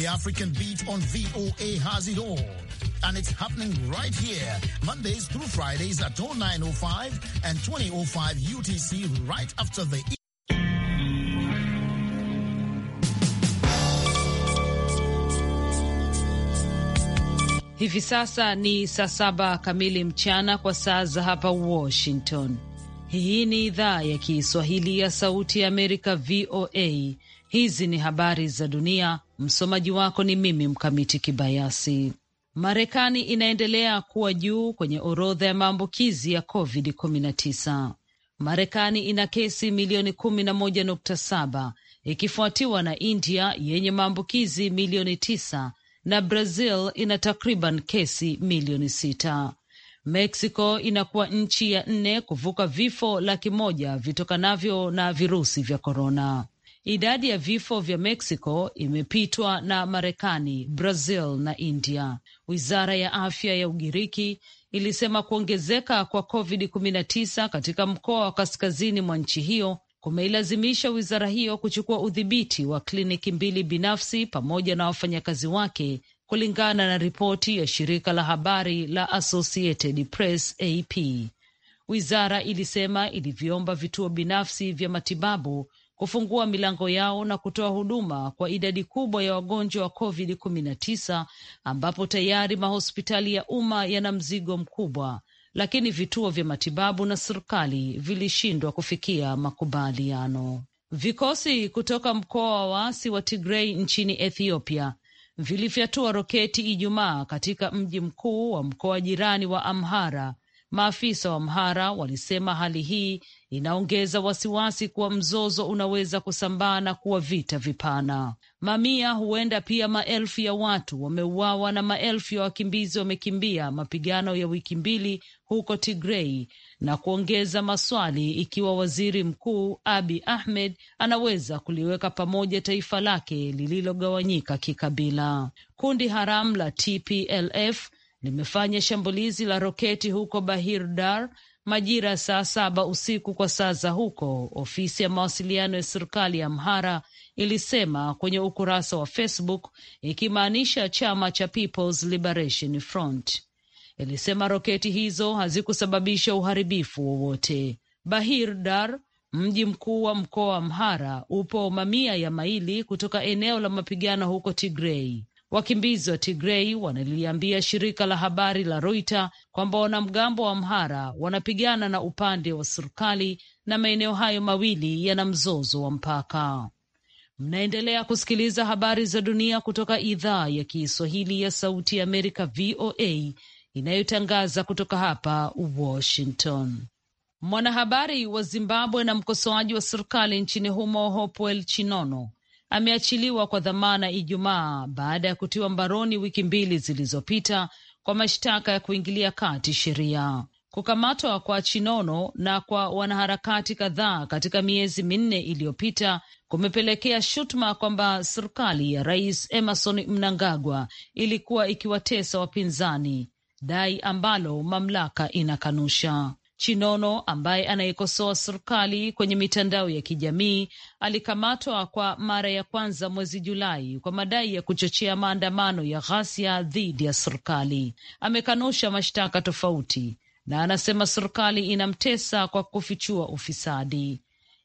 The African Beat on VOA has it all. And it's happening right here, Mondays through Fridays at 0905 and 2005 UTC right after the e- Hivi sasa ni saa saba kamili mchana kwa saa za hapa Washington. Hii ni idhaa ya Kiswahili ya Sauti ya Amerika, VOA. Hizi ni habari za dunia. Msomaji wako ni mimi Mkamiti Kibayasi. Marekani inaendelea kuwa juu kwenye orodha ya maambukizi ya COVID-19. Marekani ina kesi milioni 11.7 ikifuatiwa na India yenye maambukizi milioni 9 na Brazil ina takriban kesi milioni 6. Mexico inakuwa nchi ya nne kuvuka vifo laki moja vitokanavyo na virusi vya korona. Idadi ya vifo vya Mexico imepitwa na Marekani, Brazil na India. Wizara ya afya ya Ugiriki ilisema kuongezeka kwa COVID-19 katika mkoa wa kaskazini mwa nchi hiyo kumeilazimisha wizara hiyo kuchukua udhibiti wa kliniki mbili binafsi pamoja na wafanyakazi wake, kulingana na ripoti ya shirika la habari la Associated Press, AP. Wizara ilisema ilivyoomba vituo binafsi vya matibabu kufungua milango yao na kutoa huduma kwa idadi kubwa ya wagonjwa wa COVID-19 ambapo tayari mahospitali ya umma yana mzigo mkubwa, lakini vituo vya matibabu na serikali vilishindwa kufikia makubaliano. Vikosi kutoka mkoa wa waasi wa Tigrei nchini Ethiopia vilifyatua roketi Ijumaa katika mji mkuu wa mkoa jirani wa Amhara Maafisa wa Mhara walisema hali hii inaongeza wasiwasi kuwa mzozo unaweza kusambaa na kuwa vita vipana. Mamia huenda pia maelfu ya watu wameuawa na maelfu ya wakimbizi wamekimbia mapigano ya wiki mbili huko Tigrei na kuongeza maswali ikiwa waziri mkuu Abi Ahmed anaweza kuliweka pamoja taifa lake lililogawanyika kikabila. Kundi haramu la TPLF limefanya shambulizi la roketi huko Bahir Dar majira ya saa saba usiku kwa saa za huko, ofisi ya mawasiliano ya serikali ya Amhara ilisema kwenye ukurasa wa Facebook, ikimaanisha chama cha People's Liberation Front. Ilisema roketi hizo hazikusababisha uharibifu wowote. Bahir Dar, mji mkuu wa mkoa wa Amhara, upo mamia ya maili kutoka eneo la mapigano huko Tigrei. Wakimbizi wa Tigrei wanaliambia shirika la habari la Reuters kwamba wanamgambo wa Amhara wanapigana na upande wa serikali na maeneo hayo mawili yana mzozo wa mpaka. Mnaendelea kusikiliza habari za dunia kutoka idhaa ya Kiswahili ya Sauti ya Amerika, VOA, inayotangaza kutoka hapa Washington. Mwanahabari wa Zimbabwe na mkosoaji wa serikali nchini humo Hopewell Chinono ameachiliwa kwa dhamana Ijumaa baada ya kutiwa mbaroni wiki mbili zilizopita kwa mashtaka ya kuingilia kati sheria. Kukamatwa kwa Chinono na kwa wanaharakati kadhaa katika miezi minne iliyopita kumepelekea shutuma kwamba serikali ya Rais Emerson Mnangagwa ilikuwa ikiwatesa wapinzani, dai ambalo mamlaka inakanusha. Chinono ambaye anayekosoa serikali kwenye mitandao ya kijamii alikamatwa kwa mara ya kwanza mwezi Julai kwa madai ya kuchochea maandamano ya ghasia dhidi ya serikali. Amekanusha mashtaka tofauti na anasema serikali inamtesa kwa kufichua ufisadi.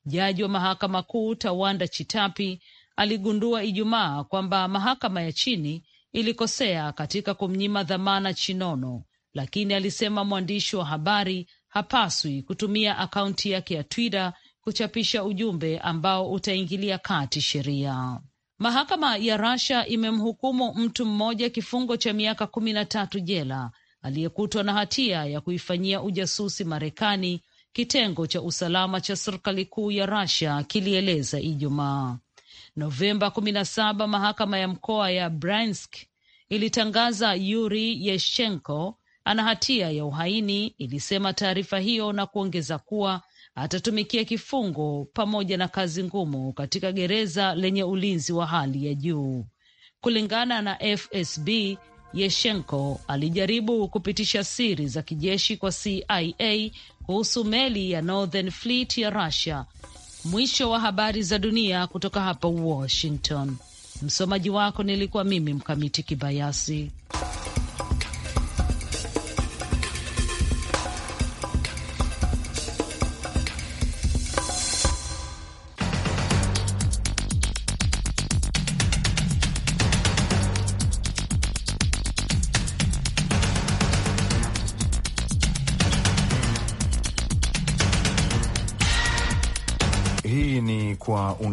Jaji wa mahakama kuu Tawanda Chitapi aligundua Ijumaa kwamba mahakama ya chini ilikosea katika kumnyima dhamana Chinono, lakini alisema mwandishi wa habari hapaswi kutumia akaunti yake ya Twitter kuchapisha ujumbe ambao utaingilia kati sheria. Mahakama ya Russia imemhukumu mtu mmoja kifungo cha miaka kumi na tatu jela aliyekutwa na hatia ya kuifanyia ujasusi Marekani, kitengo cha usalama cha serikali kuu ya Russia kilieleza Ijumaa. Novemba 17, mahakama ya mkoa ya Bryansk ilitangaza Yuri Yeshenko ana hatia ya uhaini, ilisema taarifa hiyo, na kuongeza kuwa atatumikia kifungo pamoja na kazi ngumu katika gereza lenye ulinzi wa hali ya juu. Kulingana na FSB, Yeshenko alijaribu kupitisha siri za kijeshi kwa CIA kuhusu meli ya Northern Fleet ya Russia. Mwisho wa habari za dunia kutoka hapa Washington. Msomaji wako nilikuwa mimi Mkamiti Kibayasi.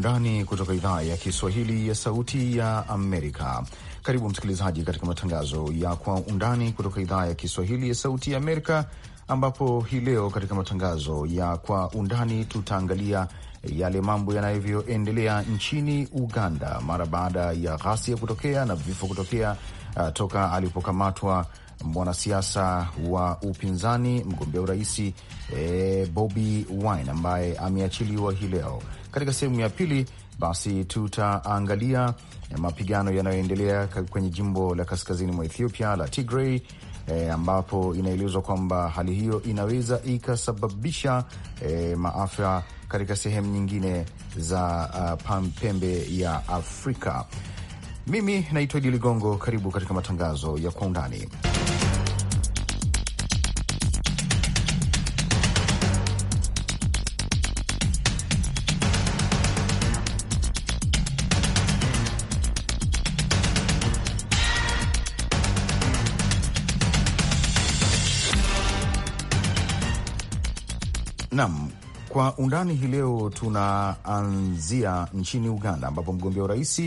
undani kutoka idhaa ya Kiswahili ya Sauti ya Amerika. Karibu msikilizaji, katika matangazo ya kwa undani kutoka idhaa ya Kiswahili ya Sauti ya Amerika, ambapo hii leo katika matangazo ya kwa undani tutaangalia yale mambo yanavyoendelea nchini Uganda mara baada ya ghasia kutokea na vifo kutokea uh, toka alipokamatwa mwanasiasa wa upinzani mgombea uraisi e, eh, Bobi Wine ambaye ameachiliwa hii leo. Katika sehemu ya pili, basi tutaangalia mapigano yanayoendelea kwenye jimbo la kaskazini mwa Ethiopia la Tigray. E, ambapo inaelezwa kwamba hali hiyo inaweza ikasababisha e, maafa katika sehemu nyingine za uh, pembe ya Afrika. Mimi naitwa Idi Ligongo, karibu katika matangazo ya kwa undani. Naam, kwa undani hii leo tunaanzia nchini Uganda ambapo mgombea urais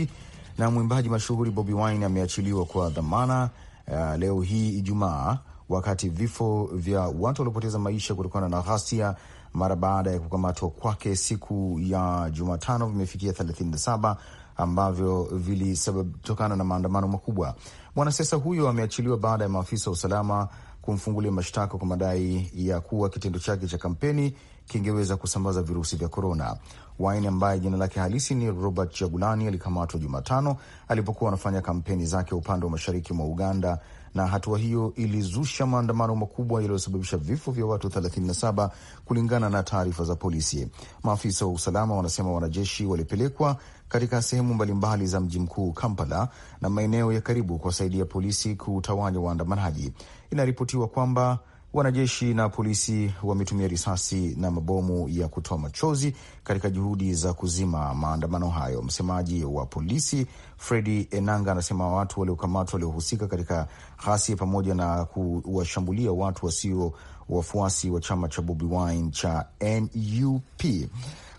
na mwimbaji mashuhuri Bobi Wine ameachiliwa kwa dhamana uh, leo hii Ijumaa, wakati vifo vya watu waliopoteza maisha kutokana na ghasia mara baada ya kukamatwa kwake siku ya Jumatano vimefikia 37 ambavyo vilitokana na maandamano makubwa. Mwanasiasa huyo ameachiliwa baada ya maafisa wa usalama kumfungulia mashtaka kwa madai ya kuwa kitendo chake cha kampeni kingeweza kusambaza virusi vya korona. Wine ambaye jina lake halisi ni Robert Chagulani alikamatwa Jumatano alipokuwa anafanya kampeni zake upande wa mashariki mwa Uganda na hatua hiyo ilizusha maandamano makubwa yaliyosababisha vifo vya watu 37 kulingana na taarifa za polisi. Maafisa wa usalama wanasema wanajeshi walipelekwa katika sehemu mbalimbali za mji mkuu Kampala na maeneo ya karibu kuwasaidia polisi kutawanya waandamanaji. Inaripotiwa kwamba Wanajeshi na polisi wametumia risasi na mabomu ya kutoa machozi katika juhudi za kuzima maandamano hayo. Msemaji wa polisi Fredi Enanga anasema watu waliokamatwa waliohusika katika ghasia pamoja na kuwashambulia watu wasio wafuasi wa chama cha Bobi Wine cha NUP.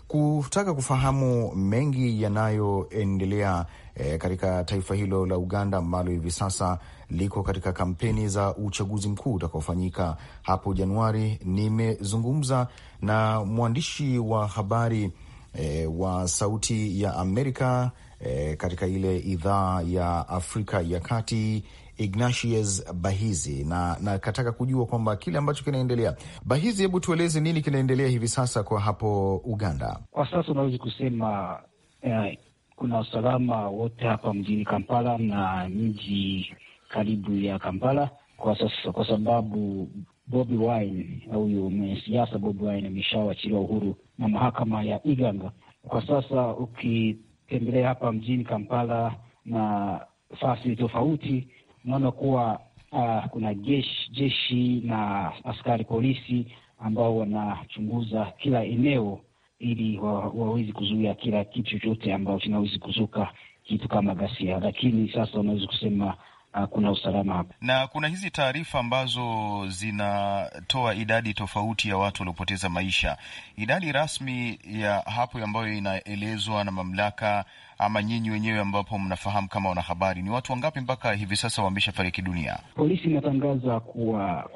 Kutaka kufahamu mengi yanayoendelea e, katika taifa hilo la Uganda ambalo hivi sasa liko katika kampeni za uchaguzi mkuu utakaofanyika hapo Januari. Nimezungumza na mwandishi wa habari e, wa Sauti ya Amerika e, katika ile idhaa ya Afrika ya Kati Ignatius Bahizi na nakataka kujua kwamba kile ambacho kinaendelea. Bahizi, hebu tueleze nini kinaendelea hivi sasa kwa hapo Uganda? Kwa sasa unaweza kusema eh, kuna usalama wote hapa mjini Kampala na mji karibu ya Kampala kwa sasa, kwa sababu Bobi Wine, huyu mwanasiasa Bobi Wine ameshawachiliwa uhuru na mahakama ya Iganga. Kwa sasa ukitembelea hapa mjini Kampala na fasi tofauti, unaona kuwa uh, kuna jeshi, jeshi na askari polisi ambao wanachunguza kila eneo ili wa, wawezi kuzuia kila kitu chochote ambao kinawezi kuzuka kitu kama ghasia, lakini sasa wanawezi kusema uh, kuna usalama hapa, na kuna hizi taarifa ambazo zinatoa idadi tofauti ya watu waliopoteza maisha. Idadi rasmi ya hapo ambayo inaelezwa na mamlaka ama nyinyi wenyewe, ambapo mnafahamu kama wanahabari, ni watu wangapi mpaka hivi sasa wameshafariki dunia? Polisi inatangaza kuwa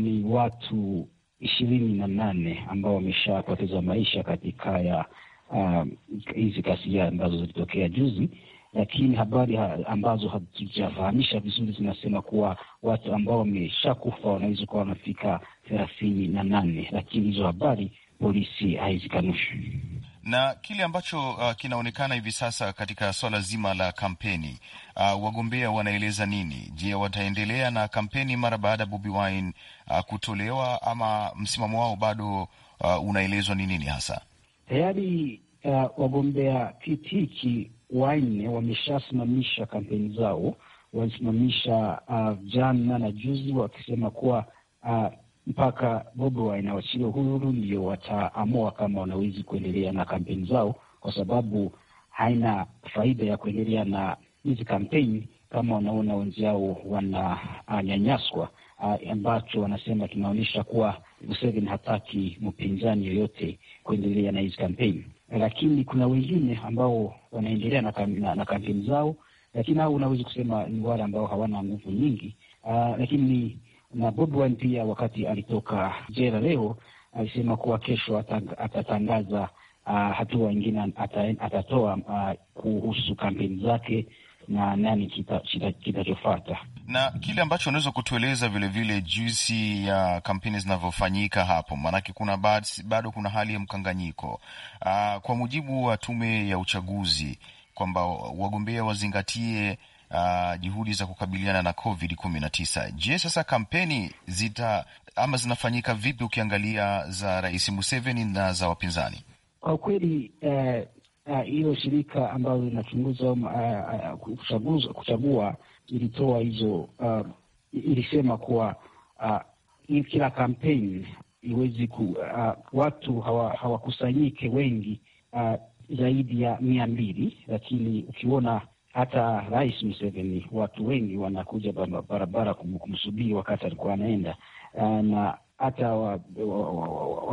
ni watu ishirini na nane ambao wameshapoteza maisha katika ya ah, hizi uh, kasia ambazo zilitokea juzi, lakini habari ambazo hatujafahamisha vizuri zinasema kuwa watu ambao wameshakufa wanaweza kuwa wanafika thelathini na nane, lakini hizo habari polisi haizikanushi na kile ambacho uh, kinaonekana hivi sasa katika swala zima la kampeni uh, wagombea wanaeleza nini? Je, wataendelea na kampeni mara baada ya Bobi Wine uh, kutolewa ama msimamo wao bado uh, unaelezwa ni nini hasa? Tayari uh, wagombea kitiki wanne wameshasimamisha kampeni zao, walisimamisha uh, jana na juzi wakisema kuwa uh, mpaka Bobi Wine wasiwe huru ndio wataamua kama wanawezi kuendelea na kampeni zao, kwa sababu haina faida ya kuendelea na hizi kampeni kama wanaona wenzao wananyanyaswa, eh, ambacho wanasema kinaonyesha kuwa Museveni hataki mpinzani yoyote kuendelea na hizi kampeni. Lakini kuna wengine ambao wanaendelea na, na, na kampeni zao, lakini hao unaweza kusema ni wale ambao hawana nguvu nyingi, eh, lakini na Bobi Wine pia wakati alitoka jela leo alisema kuwa kesho atatangaza uh, hatua ingine atatoa uh, kuhusu kampeni zake na nani kitachofata kita, kita na kile ambacho unaweza kutueleza vilevile jinsi ya uh, kampeni zinavyofanyika hapo, maanake kuna bad, bado kuna hali ya mkanganyiko uh, kwa mujibu wa tume ya uchaguzi kwamba wagombea wazingatie uh, juhudi za kukabiliana na Covid 19. Je, sasa kampeni zita ama zinafanyika vipi ukiangalia za Rais Museveni na za wapinzani? Kwa ukweli eh, eh, hilo uh, uh, shirika ambayo linachunguza uh, eh, uh, kuchagua ilitoa hizo uh, ilisema kuwa uh, kila kampeni iwezi ku, uh, watu hawakusanyike hawa wengi uh, zaidi ya mia mbili, lakini ukiona hata Rais Museveni watu wengi wanakuja barabara kumsubiri wakati alikuwa anaenda, ah, na hata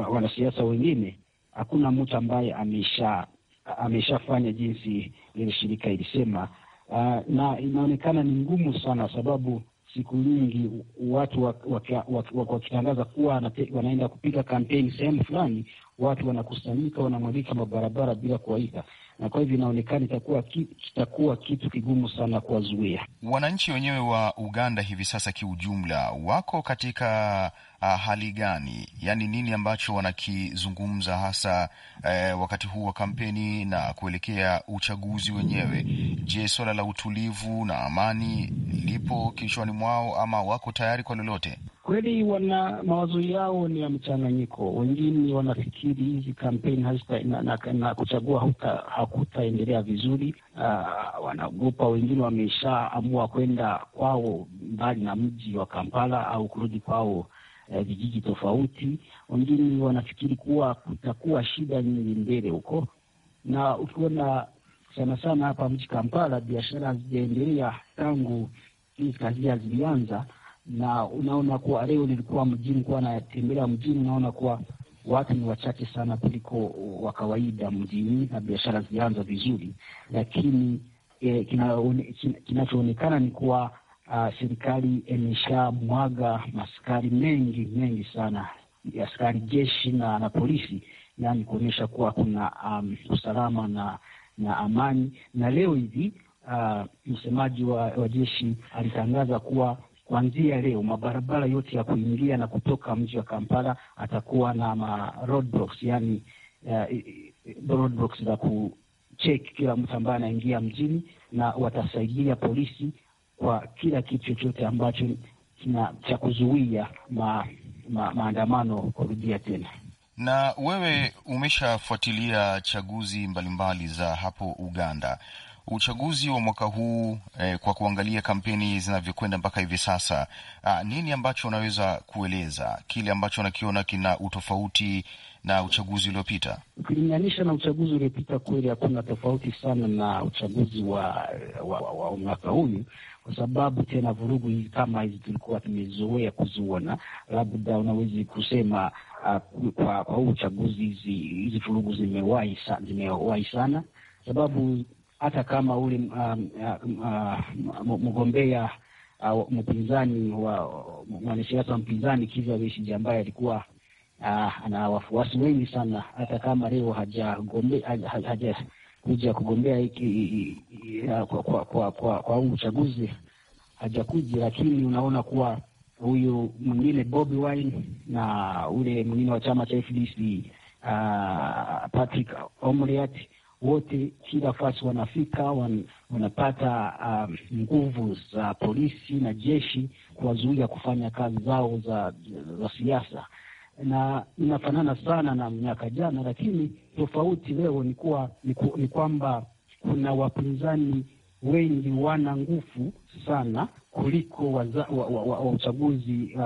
wanasiasa wengine, hakuna mtu ambaye amesha ameshafanya jinsi lile shirika ilisema. Ah, na inaonekana ni ngumu sana, sababu siku nyingi watu wakitangaza kuwa wanaenda kupiga kampeni sehemu fulani, watu wanakusanyika, wanamwalika mabarabara bila kuwaika na kwa hivyo inaonekana itakuwa kitakuwa kitu kigumu sana kuwazuia wananchi wenyewe wa Uganda. Hivi sasa kiujumla, wako katika uh, hali gani? Yaani nini ambacho wanakizungumza hasa eh, wakati huu wa kampeni na kuelekea uchaguzi wenyewe? Je, suala la utulivu na amani lipo kichwani mwao ama wako tayari kwa lolote? Kweli wana mawazo yao ni ya mchanganyiko. Wengine wanafikiri hizi kampeni hazita na, na, na kuchagua hakutaendelea vizuri. Uh, wanaogopa. Wengine wameshaamua kwenda kwao mbali na mji wa Kampala au kurudi kwao eh, vijiji tofauti. Wengine wanafikiri kuwa kutakuwa shida nyingi mbele huko, na ukiona sana sana hapa mji Kampala biashara hazijaendelea tangu hii kazi zilianza na unaona kuwa leo nilikuwa mjini kuwa natembelea mjini, unaona kuwa watu ni wachache sana kuliko wa kawaida mjini, na biashara zilianza vizuri, lakini eh, kinachoonekana ni kuwa uh, serikali imeshamwaga maskari mengi mengi sana, askari jeshi na, na polisi, yani kuonyesha kuwa kuna um, usalama na na amani. Na leo hivi uh, msemaji wa, wa jeshi alitangaza kuwa Kuanzia leo mabarabara yote ya kuingia na kutoka mji wa Kampala atakuwa na ma roadblocks, yani uh, eh, roadblocks za kucheki kila mtu ambaye anaingia mjini, na watasaidia polisi kwa kila kitu chochote ambacho cha kuzuia ma, ma, maandamano kurudia tena. Na wewe umeshafuatilia chaguzi mbalimbali mbali za hapo Uganda uchaguzi wa mwaka huu eh, kwa kuangalia kampeni zinavyokwenda mpaka hivi sasa, ah, nini ambacho unaweza kueleza kile ambacho unakiona kina utofauti na uchaguzi uliopita? Ukilinganisha na uchaguzi uliopita, kweli hakuna tofauti sana na uchaguzi wa, wa, wa, wa mwaka huyu kwa sababu tena vurugu hizi kama hizi tulikuwa tumezoea kuziona. Labda unawezi kusema uh, kwa huu uchaguzi hizi vurugu zimewahi sana, zimewahi sana sababu hata kama ule um, uh, mgombea uh, mpinzani wa mwanasiasa wa mpinzani Kizza Besigye ambaye alikuwa uh, ana wafuasi wengi sana, hata kama leo hajakuja kugombea hiki kwa, kwa, kwa, kwa, kwa uchaguzi hajakuja, lakini unaona kuwa huyu mwingine Bobi Wine na ule mwingine wa chama cha FDC uh, Patrick Omriat wote kila fasi wanafika wan, wanapata um, nguvu za polisi na jeshi kuwazuia kufanya kazi zao za, za siasa, na inafanana sana na miaka jana, lakini tofauti leo ni kuwa ni kwamba kuna wapinzani wengi wana nguvu sana kuliko waza, wa, wa, wa, wa uchaguzi uh,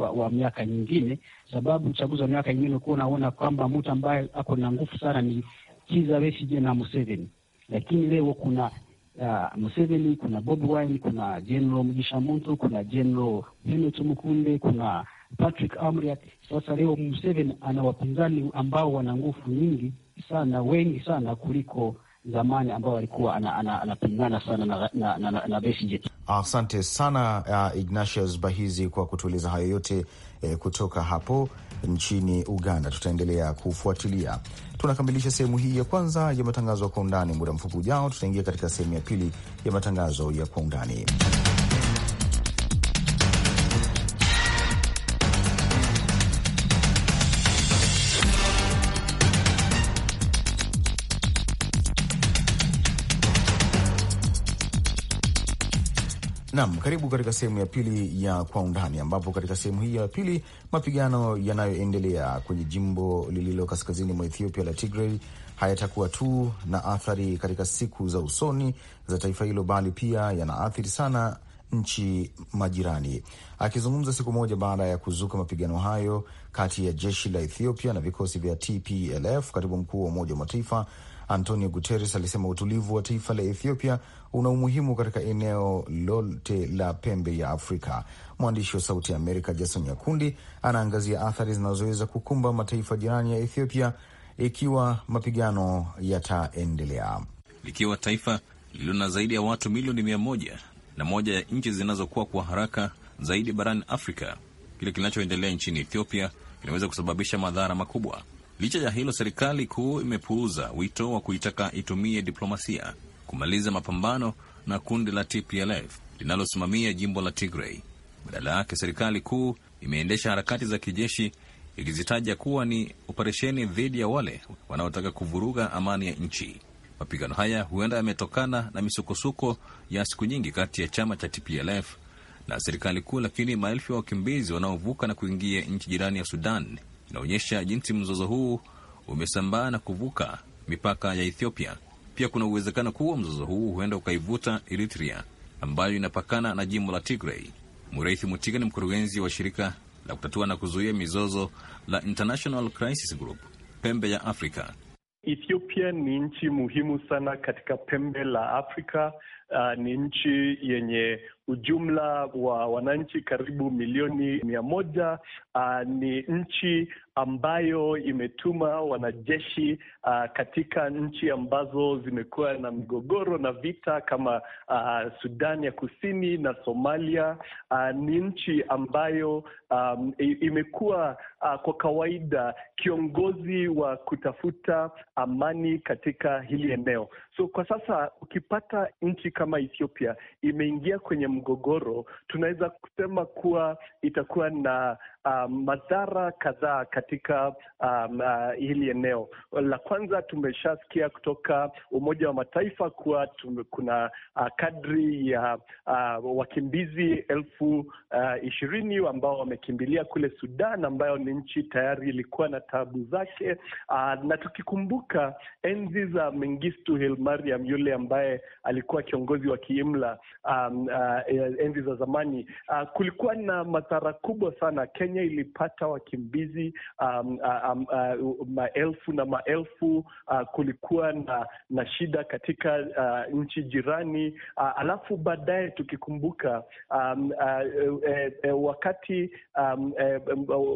wa, wa miaka nyingine, sababu uchaguzi wa miaka nyingine ulikuwa unaona kwamba mtu ambaye ako na nguvu sana ni Kiza Besigye na Museveni. Lakini leo kuna uh, Museveni, kuna Bobi Wine, kuna General Mugisha Muntu, kuna General Henry Tumukunde, kuna Patrick Amriat. Sasa leo Museveni ana wapinzani ambao wana nguvu nyingi sana, wengi sana kuliko zamani ambao alikuwa anapingana sana na, na, na, na, na Besigye. Asante sana uh, Ignatius Bahizi kwa kutueleza hayo yote eh, kutoka hapo nchini Uganda. Tutaendelea kufuatilia. Tunakamilisha sehemu hii ya kwanza ya matangazo ya kwa undani. Muda mfupi ujao, tutaingia katika sehemu ya pili ya matangazo ya kwa undani. Nam, karibu katika sehemu ya pili ya Kwa Undani, ambapo katika sehemu hii ya pili mapigano yanayoendelea kwenye jimbo lililo kaskazini mwa Ethiopia la Tigray hayatakuwa tu na athari katika siku za usoni za taifa hilo, bali pia yanaathiri sana nchi majirani. Akizungumza siku moja baada ya kuzuka mapigano hayo kati ya jeshi la Ethiopia na vikosi vya TPLF, katibu mkuu wa Umoja wa Mataifa Antonio Guterres alisema utulivu wa taifa la Ethiopia una umuhimu katika eneo lote la pembe ya Afrika. Mwandishi wa Sauti ya Amerika Jason Nyakundi anaangazia athari zinazoweza kukumba mataifa jirani ya Ethiopia ikiwa mapigano yataendelea. Likiwa taifa lililo na zaidi ya watu milioni mia moja na moja ya nchi zinazokuwa kwa haraka zaidi barani Afrika, kile kinachoendelea nchini Ethiopia kinaweza kusababisha madhara makubwa. Licha ya hilo, serikali kuu imepuuza wito wa kuitaka itumie diplomasia kumaliza mapambano na kundi la TPLF linalosimamia jimbo la Tigray. Badala yake, serikali kuu imeendesha harakati za kijeshi ikizitaja kuwa ni operesheni dhidi ya wale wanaotaka kuvuruga amani ya nchi. Mapigano haya huenda yametokana na misukosuko ya siku nyingi kati ya chama cha TPLF na serikali kuu, lakini maelfu ya wakimbizi wanaovuka na kuingia nchi jirani ya Sudan inaonyesha jinsi mzozo huu umesambaa na kuvuka mipaka ya Ethiopia. Pia kuna uwezekano kuwa mzozo huu huenda ukaivuta Eritrea ambayo inapakana na jimbo la Tigray. Mureithi Mutiga ni mkurugenzi wa shirika la kutatua na kuzuia mizozo la International Crisis Group pembe ya Afrika. Ethiopia ni nchi muhimu sana katika pembe la Afrika. Uh, ni nchi yenye ujumla wa wananchi karibu milioni mia moja. Uh, ni nchi ambayo imetuma wanajeshi uh, katika nchi ambazo zimekuwa na migogoro na vita kama uh, Sudan ya Kusini na Somalia. Uh, ni nchi ambayo um, imekuwa uh, kwa kawaida kiongozi wa kutafuta amani katika hili eneo. So kwa sasa ukipata nchi kama Ethiopia imeingia kwenye mgogoro, tunaweza kusema kuwa itakuwa na um, madhara kadhaa katika um, uh, hili eneo. La kwanza tumeshasikia kutoka Umoja wa Mataifa kuwa tume, kuna uh, kadri ya uh, wakimbizi elfu uh, ishirini ambao wamekimbilia kule Sudan ambayo ni nchi tayari ilikuwa na tabu zake uh, na tukikumbuka enzi za Mengistu Hailemariam yule ambaye alikuwa kiongozi wa kiimla um, uh, enzi za zamani uh, kulikuwa na madhara kubwa sana Kenya Kenya ilipata wakimbizi um, uh, um, uh, maelfu na maelfu uh, kulikuwa na, na shida katika uh, nchi jirani uh, alafu baadaye tukikumbuka um, uh, e, e, wakati um, e,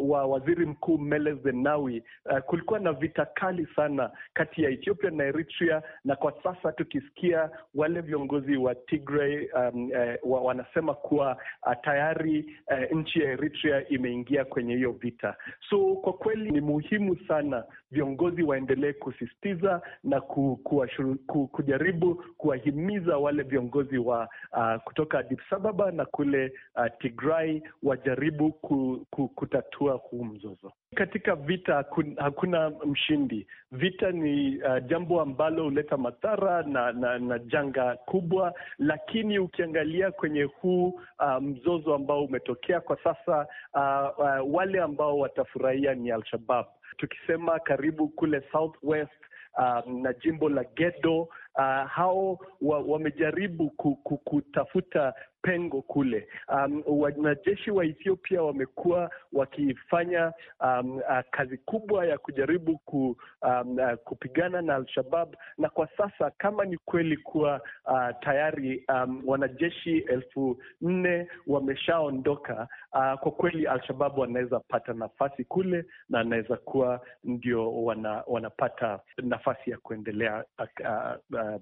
wa waziri mkuu Mele Zenawi uh, kulikuwa na vita kali sana kati ya Ethiopia na Eritrea, na kwa sasa tukisikia wale viongozi wa Tigray um, e, wa, wanasema kuwa uh, tayari uh, nchi ya Eritrea imeingia kuingia kwenye hiyo vita. So kwa kweli ni muhimu sana viongozi waendelee kusisitiza na ku, kuashuru, ku, kujaribu kuwahimiza wale viongozi wa uh, kutoka Addis Ababa na kule uh, Tigray wajaribu ku, ku, kutatua huu mzozo. Katika vita hakuna mshindi. Vita ni uh, jambo ambalo huleta madhara na, na, na janga kubwa, lakini ukiangalia kwenye huu uh, mzozo ambao umetokea kwa sasa uh, uh, wale ambao watafurahia ni al tukisema karibu kule Southwest um, na jimbo la Gedo uh, hao wamejaribu wa kutafuta pengo kule. Um, wanajeshi wa Ethiopia wamekuwa wakifanya um, uh, kazi kubwa ya kujaribu ku, um, uh, kupigana na Al-Shabab na kwa sasa kama ni kweli kuwa uh, tayari um, wanajeshi elfu nne wameshaondoka, uh, kwa kweli Al-Shabab wanaweza pata nafasi kule na anaweza kuwa ndio wana, wanapata nafasi ya kuendelea uh, uh,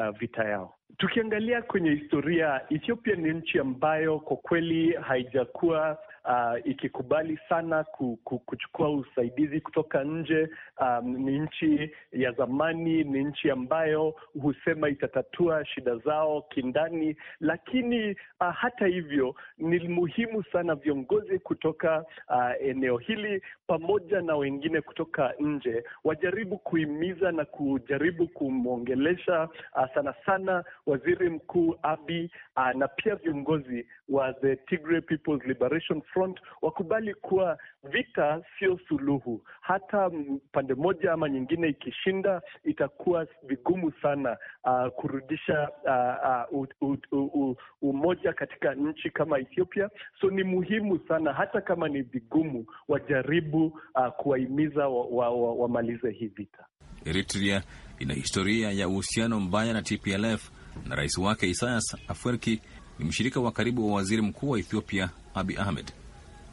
uh, vita yao. Tukiangalia kwenye historia, Ethiopia ni nchi ambayo kwa kweli haijakuwa uh, ikikubali sana kuchukua usaidizi kutoka nje. Um, ni nchi ya zamani, ni nchi ambayo husema itatatua shida zao kindani, lakini uh, hata hivyo ni muhimu sana viongozi kutoka uh, eneo hili pamoja na wengine kutoka nje wajaribu kuhimiza na kujaribu kumwongelesha uh, sana sana waziri mkuu Abiy uh, na pia viongozi wa the Tigray People's Liberation Front wakubali kuwa vita sio suluhu. Hata pande moja ama nyingine ikishinda, itakuwa vigumu sana uh, kurudisha uh, uh, uh, uh, uh, umoja katika nchi kama Ethiopia. So ni muhimu sana, hata kama ni vigumu, wajaribu uh, kuwahimiza wamalize wa, wa, wa hii vita. Eritrea ina historia ya uhusiano mbaya na TPLF na rais wake Isaias Afwerki ni mshirika wa karibu wa waziri mkuu wa Ethiopia Abi Ahmed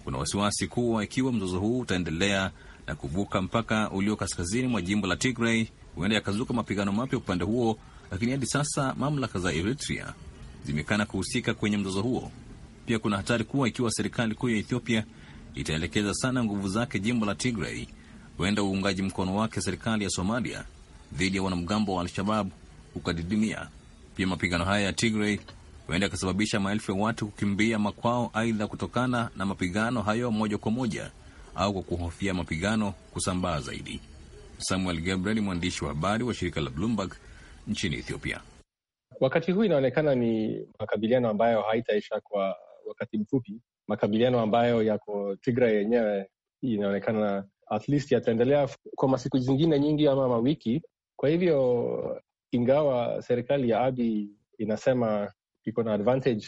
kuna wasiwasi kuwa ikiwa mzozo huu utaendelea na kuvuka mpaka ulio kaskazini mwa jimbo la Tigray, huenda yakazuka mapigano mapya upande huo, lakini hadi sasa mamlaka za Eritrea zimekana kuhusika kwenye mzozo huo. Pia kuna hatari kuwa ikiwa serikali kuu ya Ethiopia itaelekeza sana nguvu zake jimbo la Tigray, huenda uungaji mkono wake serikali ya Somalia dhidi ya wanamgambo wa Al-Shabab ukadidimia. Pia mapigano haya ya Tigray huenda ikasababisha maelfu ya watu kukimbia makwao, aidha kutokana na mapigano hayo moja kwa moja au kwa kuhofia mapigano kusambaa zaidi. Samuel Gabriel, mwandishi wa habari wa shirika la Bloomberg nchini Ethiopia. Wakati huu inaonekana ni makabiliano ambayo haitaisha kwa wakati mfupi, makabiliano ambayo yako Tigray yenyewe inaonekana at least yataendelea kwa masiku zingine nyingi ama mawiki. Kwa hivyo, ingawa serikali ya Abiy inasema iko na advantage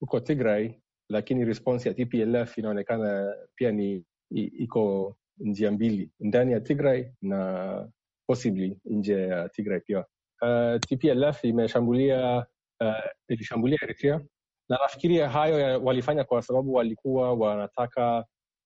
huko Tigray, lakini response ya TPLF inaonekana pia ni iko njia mbili, ndani ya Tigray na possibly nje ya Tigray pia. Uh, ah, TPLF imeshambulia uh, ilishambulia Eritrea na nafikiria hayo ya, walifanya kwa sababu walikuwa wanataka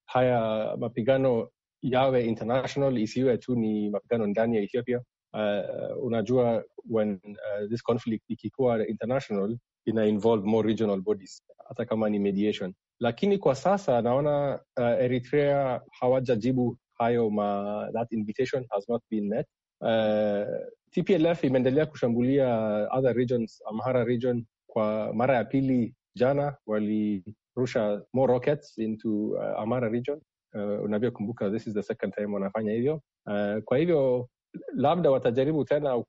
haya mapigano yawe international, isiwe tu ni mapigano ndani ya Ethiopia. Uh, unajua when uh, this conflict ikikuwa international ina involve more regional bodies, hata kama ni mediation. Lakini kwa sasa naona uh, Eritrea hawajajibu hayo ma, that invitation has not been met. Uh, TPLF imeendelea kushambulia other regions, Amhara region kwa mara ya pili jana walirusha more rockets into uh, Amhara region. Uh, unavyokumbuka this is the second time wanafanya hivyo. Uh, kwa hivyo labda watajaribu tena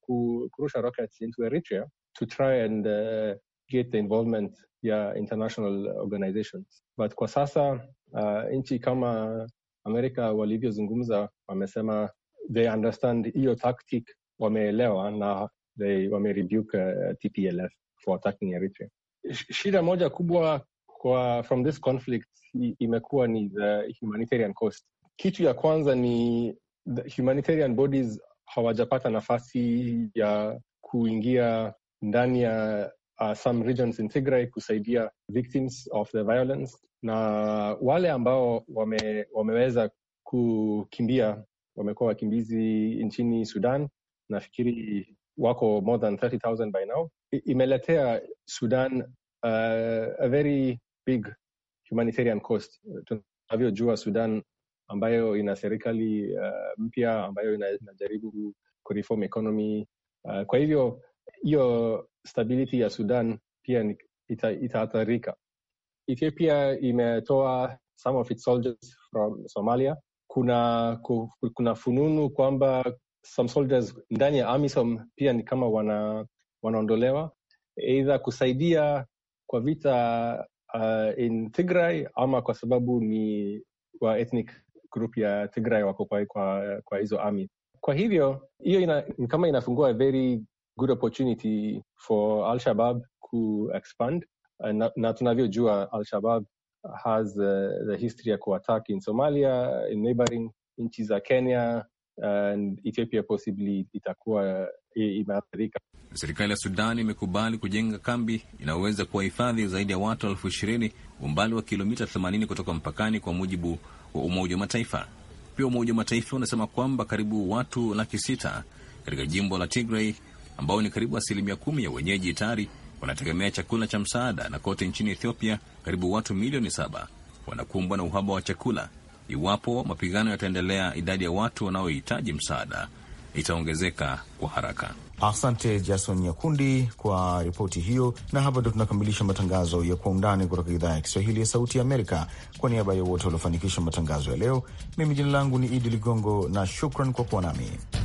kurusha rockets into Eritrea to try and uh, get the involvement ya international organizations. But kwa sasa uh, nchi kama Amerika walivyozungumza, wamesema they understand hiyo tactic, wameelewa na they wamerebuke uh, TPLF for attacking Eritrea. Shida moja kubwa kwa from this conflict imekuwa ni the humanitarian cost. Kitu ya kwanza ni the humanitarian bodies hawajapata nafasi ya kuingia ndani ya uh, some regions in Tigray kusaidia victims of the violence, na wale ambao wame, wameweza kukimbia wamekuwa wakimbizi nchini Sudan. Nafikiri wako more than 30,000 by now. I, imeletea Sudan uh, a very big humanitarian cost. Tunavyojua Sudan ambayo ina serikali uh, mpya ambayo inajaribu kureform economy uh, kwa hivyo hiyo stability ya Sudan pia itaathirika. Ethiopia imetoa some of its soldiers from Somalia. Kuna, kuna fununu kwamba some soldiers ndani ya AMISOM pia ni kama wana, wanaondolewa eidha kusaidia kwa vita uh, in Tigray ama kwa sababu ni wa ethnic group ya Tigray wako kwa, kwa, kwa hizo ami. Kwa hivyo hiyo ina, kama inafungua very good opportunity for Al Shabaab to expand na, na tunavyojua Al Shabaab has uh, the history ya kuattack in Somalia, in neighboring nchi za Kenya and Ethiopia possibly itakuwa imeathirika. Serikali ya Sudan imekubali kujenga kambi inayoweza kuwahifadhi zaidi ya watu elfu ishirini umbali wa kilomita 80 kutoka mpakani, kwa mujibu wa Umoja wa Mataifa. Pia Umoja wa Mataifa unasema kwamba karibu watu laki sita katika jimbo la Tigray ambao ni karibu asilimia kumi ya wenyeji itari wanategemea chakula cha msaada, na kote nchini Ethiopia karibu watu milioni saba wanakumbwa na uhaba wa chakula. Iwapo mapigano yataendelea, idadi ya watu wanaohitaji msaada itaongezeka kwa haraka. Asante Jason Nyakundi kwa ripoti hiyo, na hapa ndo tunakamilisha matangazo ya Kwa Undani kutoka idhaa ya Kiswahili ya Sauti ya Amerika. Kwa niaba ya wote waliofanikisha matangazo ya leo, mimi jina langu ni Idi Ligongo na shukran kwa kuwa nami.